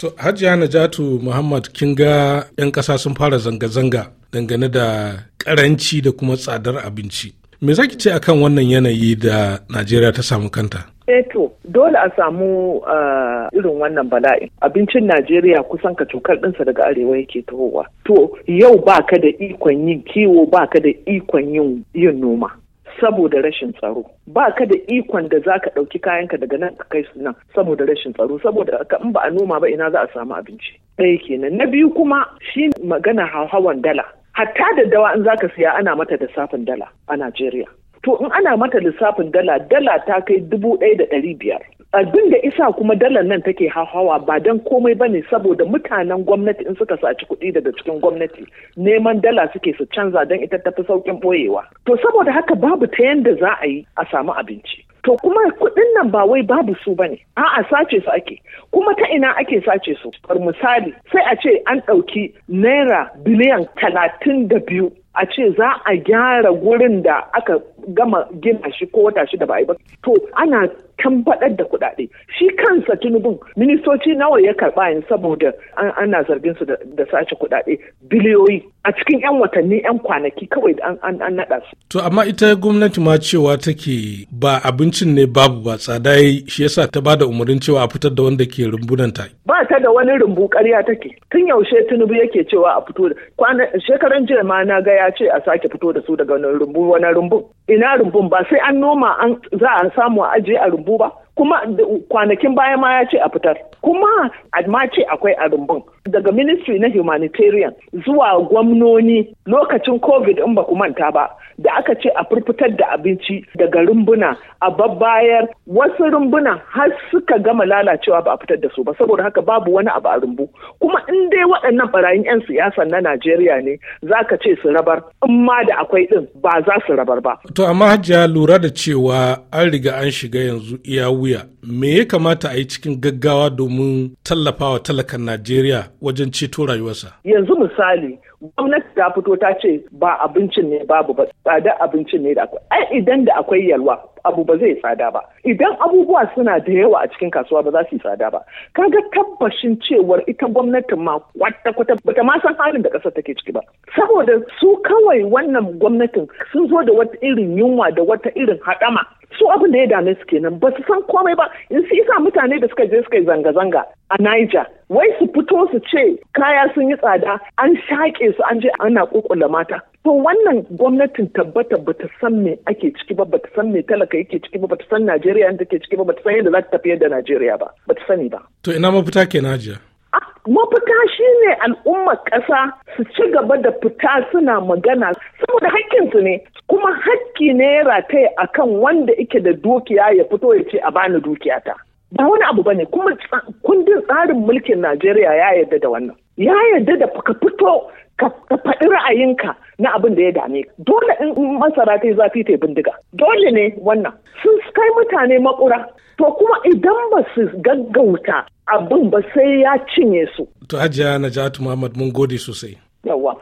To Hajiya Najatu Muhammad kin ga 'yan ƙasa sun fara zanga-zanga dangane da ƙaranci da kuma tsadar abinci. Me zaki ce akan wannan yanayi da Najeriya ta samu kanta? Eto, eh dole a samu eh, irin wannan bala'in abincin najeriya kusan ka cokar ɗinsa daga arewa yake tahowa to yau ba ka da ikon yin kiwo ba ka da ikon yin noma saboda rashin tsaro ba ka da ikon da za ka ɗauki kayanka daga nan ka kai su nan saboda rashin tsaro saboda in ba a noma ba ina za a samu abinci ɗaya kenan na biyu kuma shi magana hauhawan dala hatta da dawa in za ka siya ana mata lissafin dala a najeriya to in ana mata lissafin dala dala ta kai dubu ɗaya da ɗari biyar abin da isa kuma dalar nan take hawa ba don komai ba ne saboda mutanen gwamnati in suka saci kuɗi daga cikin gwamnati neman dala suke su canza don ita tafi saukin ɓoyewa. to saboda haka babu ta yanda za a yi a samu abinci to kuma kuɗin nan ba wai babu su ba ne. a'a sace su ake kuma ta ina ake sace su bar misali sai a ce an ɗauki naira biliyan talatin da biyu a ce za a gyara gurin da aka gama gina shi ko wata shida ba a ba to ana tambaɗar da kuɗaɗe shi kansa tunubun ministoci nawa ya karɓa yin saboda ana zargin su da sace kuɗaɗe biliyoyi a cikin 'yan watanni 'yan kwanaki kawai an naɗa su. to amma ita gwamnati ma cewa take ba abincin ne babu ba tsada shi yasa ta da umarnin cewa a fitar da wanda ke rumbunanta. ba ta da wani rumbu ƙarya take tun yaushe tunubu yake cewa a fito da shekaran jiya ma na ga ya ce a sake fito da su daga wani rumbu wani rumbu. ina rumbun ba sai an noma an za a samu a ajiye a rumbu ba kuma kwanakin baya ma ya ce a fitar kuma ma ce akwai a rumbun daga ministry na humanitarian zuwa gwamnoni lokacin covid in ba manta ba da aka ce a furfitar da abinci daga rumbuna a babbayar wasu rumbuna har suka gama lalacewa ba a fitar da su ba saboda haka babu wani abu a rumbu kuma in dai waɗannan barayin 'yan siyasa na najeriya ne za ka ce su rabar in ma da akwai ɗin ba za su rabar ba to amma hajiya lura da cewa an riga an shiga yanzu iya wuya me ya kamata a yi cikin gaggawa domin tallafawa talakan najeriya wajen ceto rayuwarsa yanzu misali gwamnati ta fito ta ce ba abincin ne babu ba tsada abincin ne da akwai ai idan da akwai yalwa abu ba zai tsada ba idan abubuwa suna da yawa a cikin kasuwa ba za su yi tsada ba ga tabbashin cewar ita gwamnatin ma kwata kwata bata ma san halin da kasar take ciki ba saboda su kawai wannan gwamnatin sun zo da wata irin yunwa da wata irin haɗama su abin da ya dame su kenan ba su san komai ba in su isa mutane da suka je suka yi zanga-zanga a Niger wai su fito su ce kaya sun yi tsada an shaƙe su an je ana kukula mata to wannan gwamnatin tabbata bata san me ake ciki ba bata san me talaka yake ciki ba bata san Najeriya yadda take ciki ba bata san yadda za ta tafi yadda Najeriya ba bata sani ba to ina mafita kenan Najeriya shi shine al'ummar ƙasa su ci gaba da fita suna magana saboda su ne kuma hakki ne ya rataye kan wanda yake da dukiya ya fito ya ce a bani dukiyata ba wani abu ba ne. kuma kundin tsarin mulkin Najeriya ya yarda da wannan ya yarda da ka fito ka faɗi ra'ayinka na abin da ya dame ka dole in masara ta yi zafi ta yi bindiga dole ne wannan sun kai mutane makura to kuma idan ba su gaggauta abin ba sai ya cinye su. To Hajiya Najatu Muhammad mun gode sosai. Yawwa.